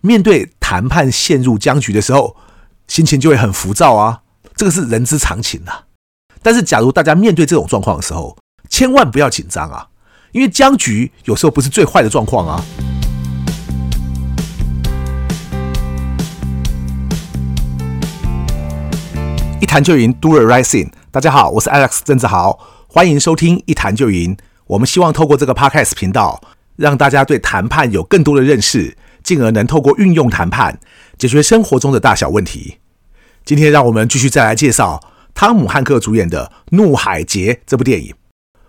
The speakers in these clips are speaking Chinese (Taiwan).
面對談判陷入僵局的時候，心情就會很浮躁啊，這個是人之常情啊。但是，假如大家面對這種狀況的時候，千萬不要緊張啊，因為僵局有時候不是最壞的狀況啊。一談就贏，Do the right thing。大家好，我是 Alex 鄭志豪，歡迎收聽一談就贏。我們希望透過這個 Podcast 頻道，讓大家對談判有更多的認識。進而能透過運用談判解決生活中的大小問題。今天讓我們繼續再來介紹湯姆漢克主演的《怒海劫》這部電影。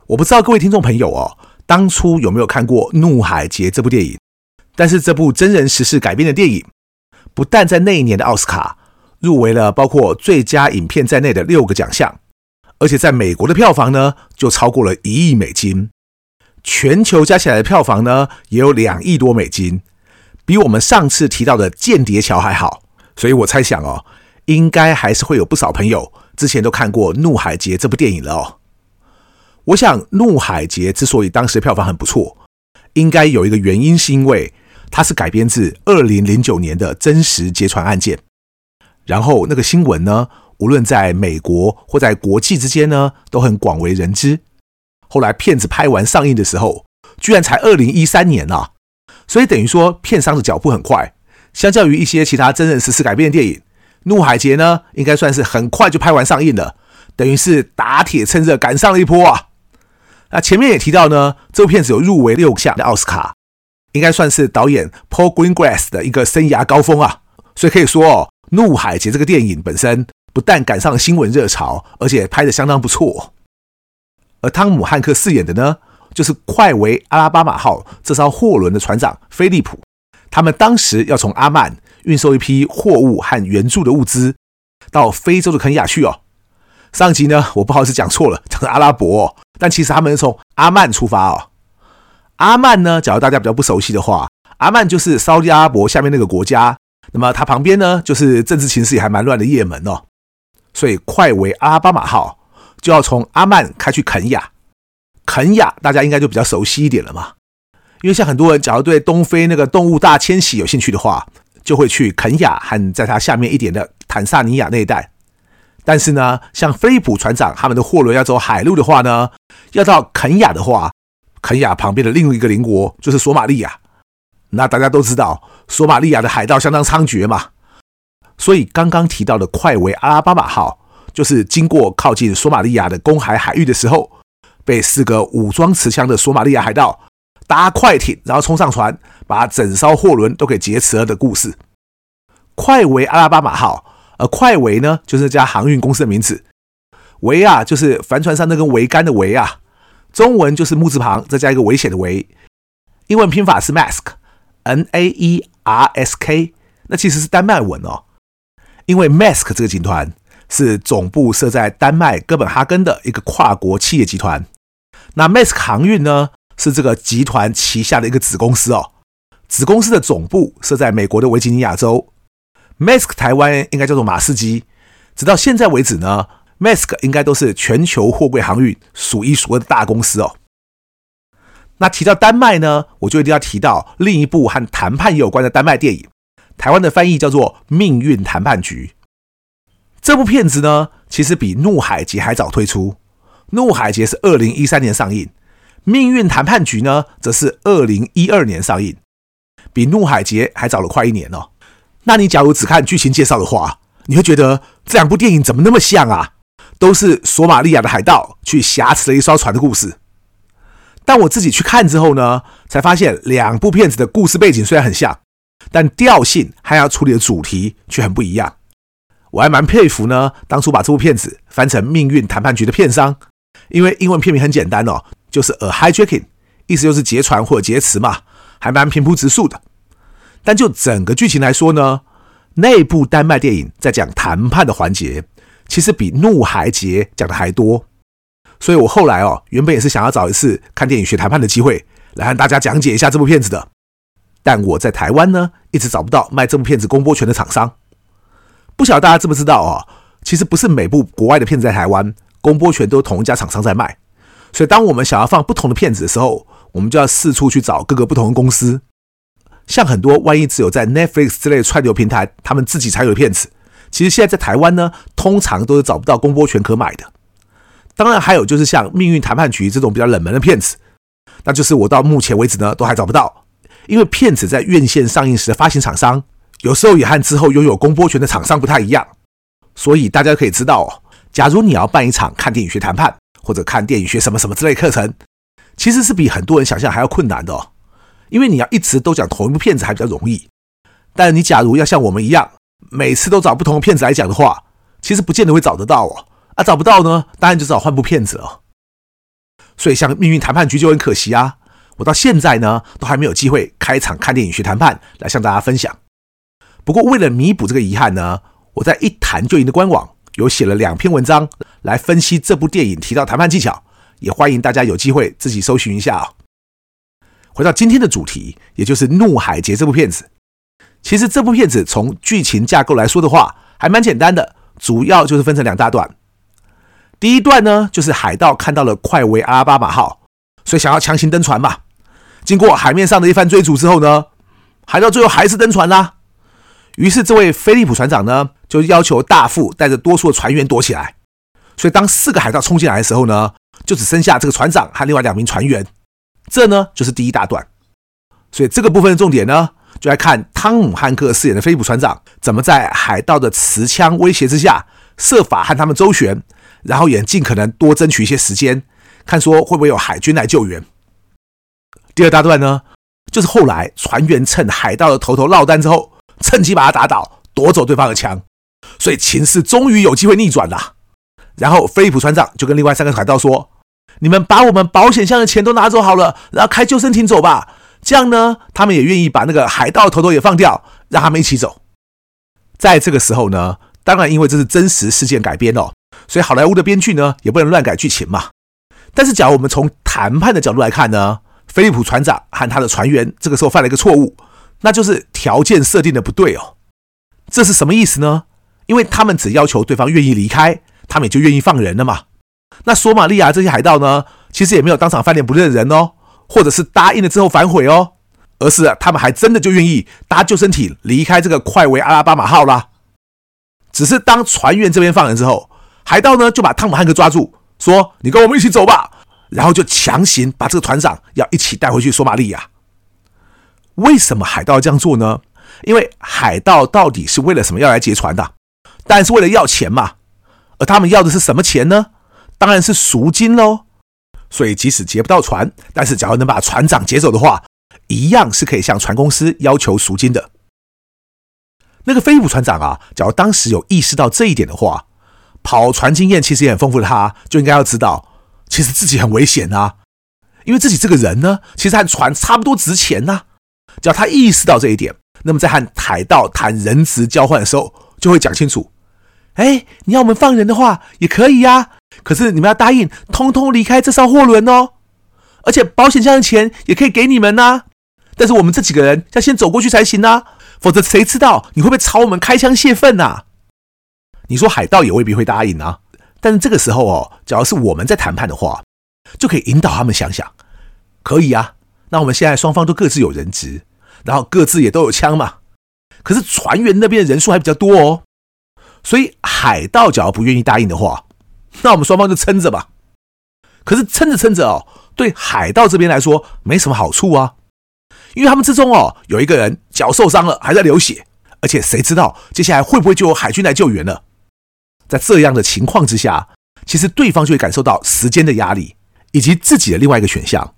我不知道各位聽眾朋友哦，當初有沒有看過《怒海劫》這部電影？但是這部真人實事改編的電影，不但在那一年的奧斯卡入圍了，包括最佳影片在內的六個獎項，而且在美國的票房呢就超過了一億美金，全球加起來的票房呢也有兩億多美金。比我們上次提到的間諜橋還好，所以我猜想哦，應該還是會有不少朋友之前都看過《怒海劫》這部電影了哦。我想，《怒海劫》之所以當時的票房很不錯，應該有一個原因，是因為它是改編自二零零九年的真實劫船案件。然後那個新聞呢，無論在美國或在國際之間呢，都很廣為人知。後來片子拍完上映的時候，居然才二零一三年啊。所以等於說，片商的腳步很快。相較於一些其他真人實事改編的電影，《怒海劫》呢，應該算是很快就拍完上映了，等於是打鐵趁熱趕上了一波啊。那前面也提到呢，這部片子有入圍六項的奧斯卡，應該算是導演 Paul Greengrass 的一個生涯高峰啊。所以可以說哦，《怒海劫》這個電影本身不但趕上了新聞熱潮，而且拍得相當不錯。而湯姆·漢克飾演的呢？就是快桅阿拉巴馬號這艘貨輪的船長菲利普，他們當時要從阿曼運送一批貨物和援助的物資到非洲的肯亞去哦。上集呢，我不好意思講錯了，講阿拉伯、哦，但其實他們是從阿曼出發哦。阿曼呢，假如大家比較不熟悉的話，阿曼就是沙烏地阿拉伯下面那個國家，那麼它旁邊呢，就是政治情勢也還蠻亂的葉門哦。所以快桅阿拉巴馬號就要從阿曼開去肯亞。肯亞大家應該就比較熟悉一點了嘛，因為像很多人，假如對東非那個動物大遷徙有興趣的話，就會去肯亞和在它下面一點的坦桑尼亞那一帶。但是呢，像菲利普船長他們的貨輪要走海路的話呢，要到肯亞的話，肯亞旁邊的另一個鄰國就是索馬利亞。那大家都知道，索馬利亞的海盜相當猖獗嘛，所以剛剛提到的快桅阿拉巴馬號，就是經過靠近索馬利亞的公海海域的時候。被四個武裝持槍的索馬利亞海盜搭快艇，然後衝上船，把整艘貨輪都給劫持了的故事。快桅阿拉巴馬號，而快桅呢就是這家航運公司的名字，桅啊就是帆船上那個桅杆的桅啊，中文就是木字旁再加一個危險的危，英文拼法是 Maersk N A E R S K，那其實是丹麥文哦，因為 Maersk 這個集團是總部設在丹麥哥本哈根的一個跨國企業集團。那 Maersk 航運呢，是這個集團旗下的一個子公司哦。子公司的總部設在美國的維吉尼亞州。Maersk 台灣應該叫做馬士基。直到現在為止呢，Maersk 應該都是全球貨櫃航運數一數二的大公司哦。那提到丹麥呢，我就一定要提到另一部和談判有關的丹麥電影，台灣的翻譯叫做《命運談判局》。這部片子呢，其實比《怒海劫》還早推出。《怒海劫》是二零一三年上映，《命運談判局》呢，則是二零一二年上映，比《怒海劫》還早了快一年哦。那你假如只看劇情介紹的話，你會覺得這兩部電影怎麼那麼像啊？都是索馬利亞的海盜去挾持了一艘船的故事。但我自己去看之後呢，才發現兩部片子的故事背景雖然很像，但調性還要處理的主題卻很不一樣。我還蠻佩服呢，當初把這部片子翻成《命運談判局》的片商。因為英文片名很簡單哦，就是 A Hijacking，意思就是劫船或者劫持嘛，還蠻平鋪直述的。但就整個劇情來說呢，那部丹麥電影在講談判的環節，其實比《怒海劫》講的還多。所以我後來哦，原本也是想要找一次看電影學談判的機會，來和大家講解一下這部片子的。但我在台灣呢，一直找不到賣這部片子公播權的廠商。不曉得大家知不知道哦，其實不是每部國外的片子在台灣。公播權都同一家廠商在賣，所以當我們想要放不同的片子的時候，我們就要四處去找各個不同的公司。像很多，萬一只有在 Netflix 之類的串流平台，他們自己才有的片子。其實現在在台灣呢，通常都是找不到公播權可買的。當然，還有就是像《命運談判局》這種比較冷門的片子，那就是我到目前為止呢都還找不到，因為片子在院線上映時的發行廠商，有時候也和之後擁有公播權的廠商不太一樣。所以大家可以知道哦。假如你要辦一場看電影學談判，或者看電影學什麼什麼之類課程，其實是比很多人想象還要困難的哦。因為你要一直都講同一部片子還比較容易，但是你假如要像我們一樣，每次都找不同的片子來講的話，其實不見得會找得到哦。啊，找不到呢，當然就只好換部片子哦。所以像《命運談判局》就很可惜啊，我到現在呢都還沒有機會開場看電影學談判來向大家分享。不過為了彌補這個遺憾呢，我在一談就贏的官網。有寫了兩篇文章來分析這部電影，提到談判技巧，也歡迎大家有機會自己搜尋一下哦。回到今天的主題，也就是《怒海劫》這部片子。其實這部片子從劇情架構來說的話，還蠻簡單的，主要就是分成兩大段。第一段呢，就是海盜看到了快桅阿拉巴馬號，所以想要強行登船嘛。經過海面上的一番追逐之後呢，海盜最後還是登船啦。於是，這位菲利浦船長呢，就要求大副帶着多數的船員躲起來。所以，當四個海盜衝進來的時候呢，就只剩下這個船長和另外兩名船員。這呢，就是第一大段。所以，這個部分的重點呢，就來看湯姆漢克飾演的菲利浦船長怎麼在海盜的持槍威脅之下，設法和他們周旋，然後也盡可能多爭取一些時間，看說會不會有海軍來救援。第二大段呢，就是後來船員趁海盜的頭頭落單之後。趁機把他打倒，奪走對方的槍，所以情勢終於有機會逆轉了。然後，菲利普船長就跟另外三個海盜說：“你們把我們保險箱的錢都拿走好了，然後開救生艇走吧。”這樣呢，他們也願意把那個海盜的頭頭也放掉，讓他們一起走。在這個時候呢，當然因為這是真實事件改編哦，所以好萊塢的編劇呢也不能亂改劇情嘛。但是，假如我們從談判的角度來看呢，菲利普船長和他的船員這個時候犯了一個錯誤。那就是條件設定的不對哦，這是什麼意思呢？因為他們只要求對方願意離開，他們也就願意放人了嘛。那索馬利亞這些海盜呢，其實也沒有當場翻臉不認人哦，或者是答應了之後反悔哦，而是他們還真的就願意搭救生艇離開這個快桅阿拉巴馬號啦。只是當船員這邊放人之後，海盜呢就把湯姆漢克抓住，說：“你跟我們一起走吧。”然後就強行把這個船長要一起帶回去索馬利亞。為什麼海盜要這樣做呢？因為海盜到底是為了什麼要來劫船的？當然是為了要錢嘛。而他們要的是什麼錢呢？當然是贖金嘍。所以即使劫不到船，但是只要能把船長劫走的話，一樣是可以向船公司要求贖金的。那個菲利浦船長啊，假如當時有意識到這一點的話，跑船經驗其實也很豐富的他，就應該要知道，其實自己很危險啊，因為自己這個人呢，其實和船差不多值錢吶、啊。只要他意識到這一點，那麼在和海盜談人質交換的時候，就會講清楚。哎、欸，你要我們放人的話，也可以呀、啊。可是你們要答應，通通離開這艘貨輪哦。而且保險箱的錢也可以給你們吶、啊，但是我們這幾個人要先走過去才行吶、啊，否則誰知道你會不會朝我們開槍洩憤吶、啊？你說海盜也未必會答應啊。但是這個時候哦，只要是我們在談判的話，就可以引導他們想想，可以呀、啊。那我們現在雙方都各自有人質，然後各自也都有槍嘛。可是船員那邊的人數還比較多哦，所以海盜假如不願意答應的話，那我們雙方就撐着吧。可是撐着撐着哦，對海盜這邊來說沒什麼好處啊，因為他們之中哦，有一個人腳受傷了，還在流血，而且誰知道接下來會不會就有海軍來救援呢？在這樣的情況之下，其實對方就會感受到時間的壓力，以及自己的另外一個選項。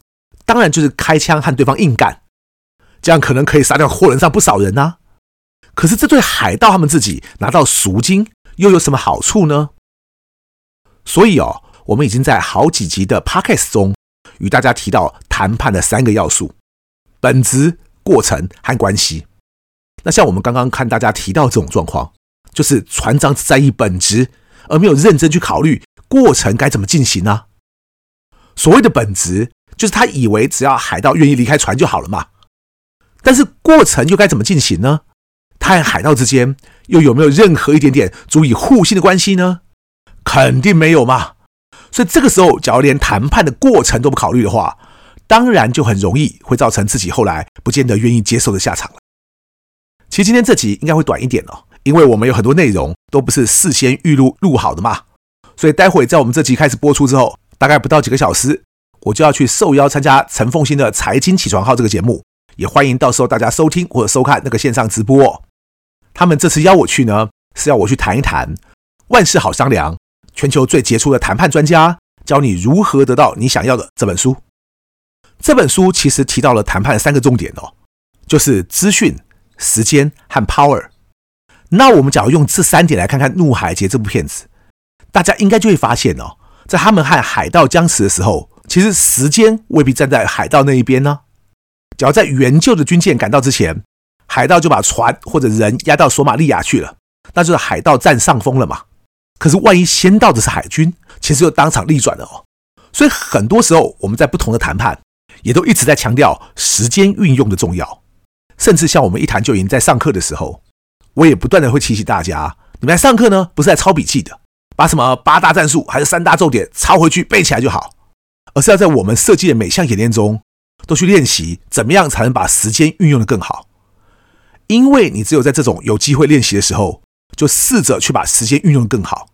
當然，就是開槍和對方硬幹，這樣可能可以殺掉貨輪上不少人呢、啊。可是這對海盜他們自己拿到贖金又有什麼好處呢？所以哦，我們已經在好幾集的 Podcast 中與大家提到談判的三個要素：本質、過程和關係。那像我們剛剛看大家提到這種狀況，就是船長只在意本質，而沒有認真去考慮過程該怎麼進行呢、啊？所謂的本質。就是他以為只要海盜願意離開船就好了嘛，但是過程又該怎麼進行呢？他和海盜之間又有沒有任何一點點足以互信的關係呢？肯定沒有嘛。所以這個時候，假如連談判的過程都不考慮的話，當然就很容易會造成自己後來不見得願意接受的下場了。其實今天這集應該會短一點哦，因為我們有很多內容都不是事先預錄錄好的嘛，所以待會在我們這集開始播出之後，大概不到幾個小時。我就要去受邀參加陳鳳馨的《財經起床號》這個節目，也歡迎到時候大家收聽或者收看那個線上直播哦。他們這次邀我去呢，是要我去談一談“萬事好商量”，全球最傑出的談判專家教你如何得到你想要的這本書。這本書其實提到了談判三個重點哦，就是資訊、時間和 power。那我們假如用這三點來看看《怒海劫》這部片子，大家應該就會發現哦，在他們和海盜僵持的時候。其實時間未必站在海盜那一邊呢。只要在援救的軍艦趕到之前，海盜就把船或者人押到索馬利亞去了，那就是海盜占上風了嘛。可是萬一先到的是海軍，其實就當場逆轉了哦。所以很多時候我們在不同的談判，也都一直在強調時間運用的重要。甚至像我們一談就贏在上課的時候，我也不斷的會提醒大家：你們在上課呢，不是在抄筆記的，把什麼八大戰術還是三大重點抄回去背起來就好。而是要在我們設計的每項演練中都去練習，怎麼樣才能把時間運用得更好？因為你只有在這種有機會練習的時候，就試着去把時間運用得更好，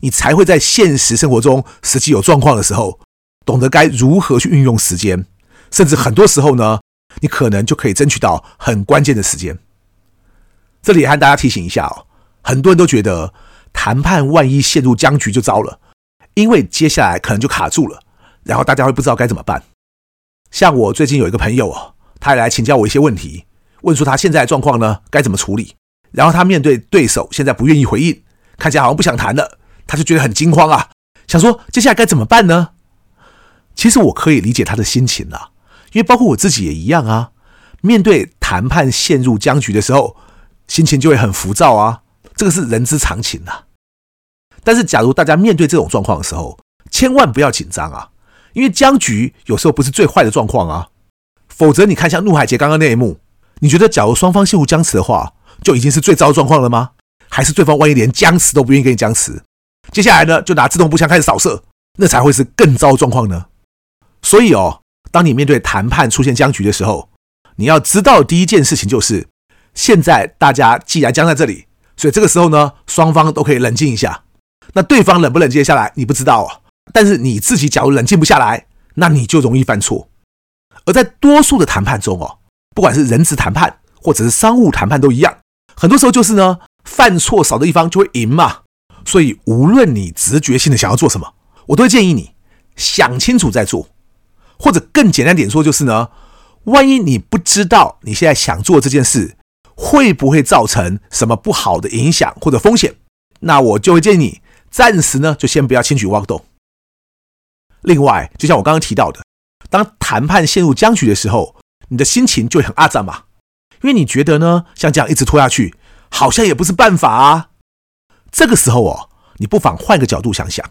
你才會在現實生活中實際有狀況的時候，懂得該如何去運用時間，甚至很多時候呢，你可能就可以爭取到很關鍵的時間。這裡也和大家提醒一下哦，很多人都覺得談判萬一陷入僵局就糟了，因為接下來可能就卡住了。然後大家會不知道該怎麼辦。像我最近有一個朋友哦，他也來請教我一些問題，問出他現在的狀況呢，該怎麼處理？然後他面對對手現在不願意回應，看起來好像不想談了，他就覺得很驚慌啊，想說接下來該怎麼辦呢？其實我可以理解他的心情啊，因為包括我自己也一樣啊。面對談判陷入僵局的時候，心情就會很浮躁啊，這個是人之常情啊。但是假如大家面對這種狀況的時候，千萬不要緊張啊。因為僵局有時候不是最壞的狀況啊，否則你看像怒海劫剛剛那一幕，你覺得假如雙方陷入僵持的話，就已經是最糟狀況了嗎？還是對方萬一連僵持都不願意跟你僵持，接下來呢就拿自動步槍開始掃射，那才會是更糟的狀況呢？所以哦，當你面對談判出現僵局的時候，你要知道的第一件事情就是，現在大家既然僵在這裡，所以這個時候呢，雙方都可以冷靜一下，那對方冷不冷靜下來，你不知道啊。但是你自己假如冷靜不下來，那你就容易犯錯。而在多數的談判中哦，不管是人質談判或者是商務談判都一樣，很多時候就是呢，犯錯少的一方就會贏嘛。所以無論你直覺性的想要做什麼，我都會建議你想清楚再做，或者更簡單點說就是呢，萬一你不知道你現在想做這件事會不會造成什麼不好的影響或者風險，那我就會建議你暫時呢就先不要輕舉妄動。另外，就像我剛剛提到的，當談判陷入僵局的時候，你的心情就很阿雜嘛，因為你覺得呢，像這樣一直拖下去，好像也不是辦法啊。這個時候哦，你不妨換個角度想想，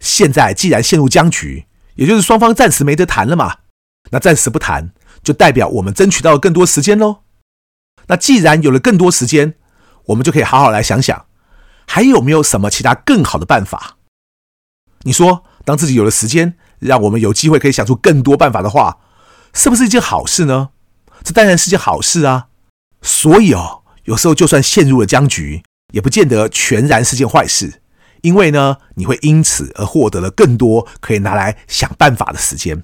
現在既然陷入僵局，也就是雙方暫時沒得談了嘛，那暫時不談，就代表我們爭取到了更多時間嘍。那既然有了更多時間，我們就可以好好來想想，還有沒有什麼其他更好的辦法？你說？當自己有了時間，讓我們有機會可以想出更多辦法的話，是不是一件好事呢？這當然是件好事啊！所以哦，有時候就算陷入了僵局，也不見得全然是件壞事，因為呢，你會因此而獲得了更多可以拿來想辦法的時間。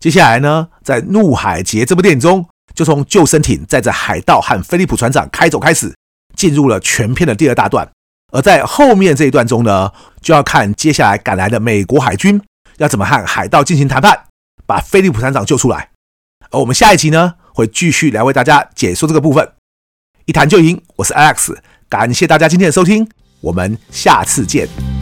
接下來呢，在《怒海劫》這部電影中，就從救生艇載着海盜和菲利普船長開走開始，進入了全片的第二大段。而在後面這一段中呢，就要看接下來趕來的美國海軍要怎麼和海盜進行談判，把菲利普船長救出來。而我們下一集呢，會繼續來為大家解說這個部分。一談就贏，我是 Alex，感謝大家今天的收聽，我們下次見。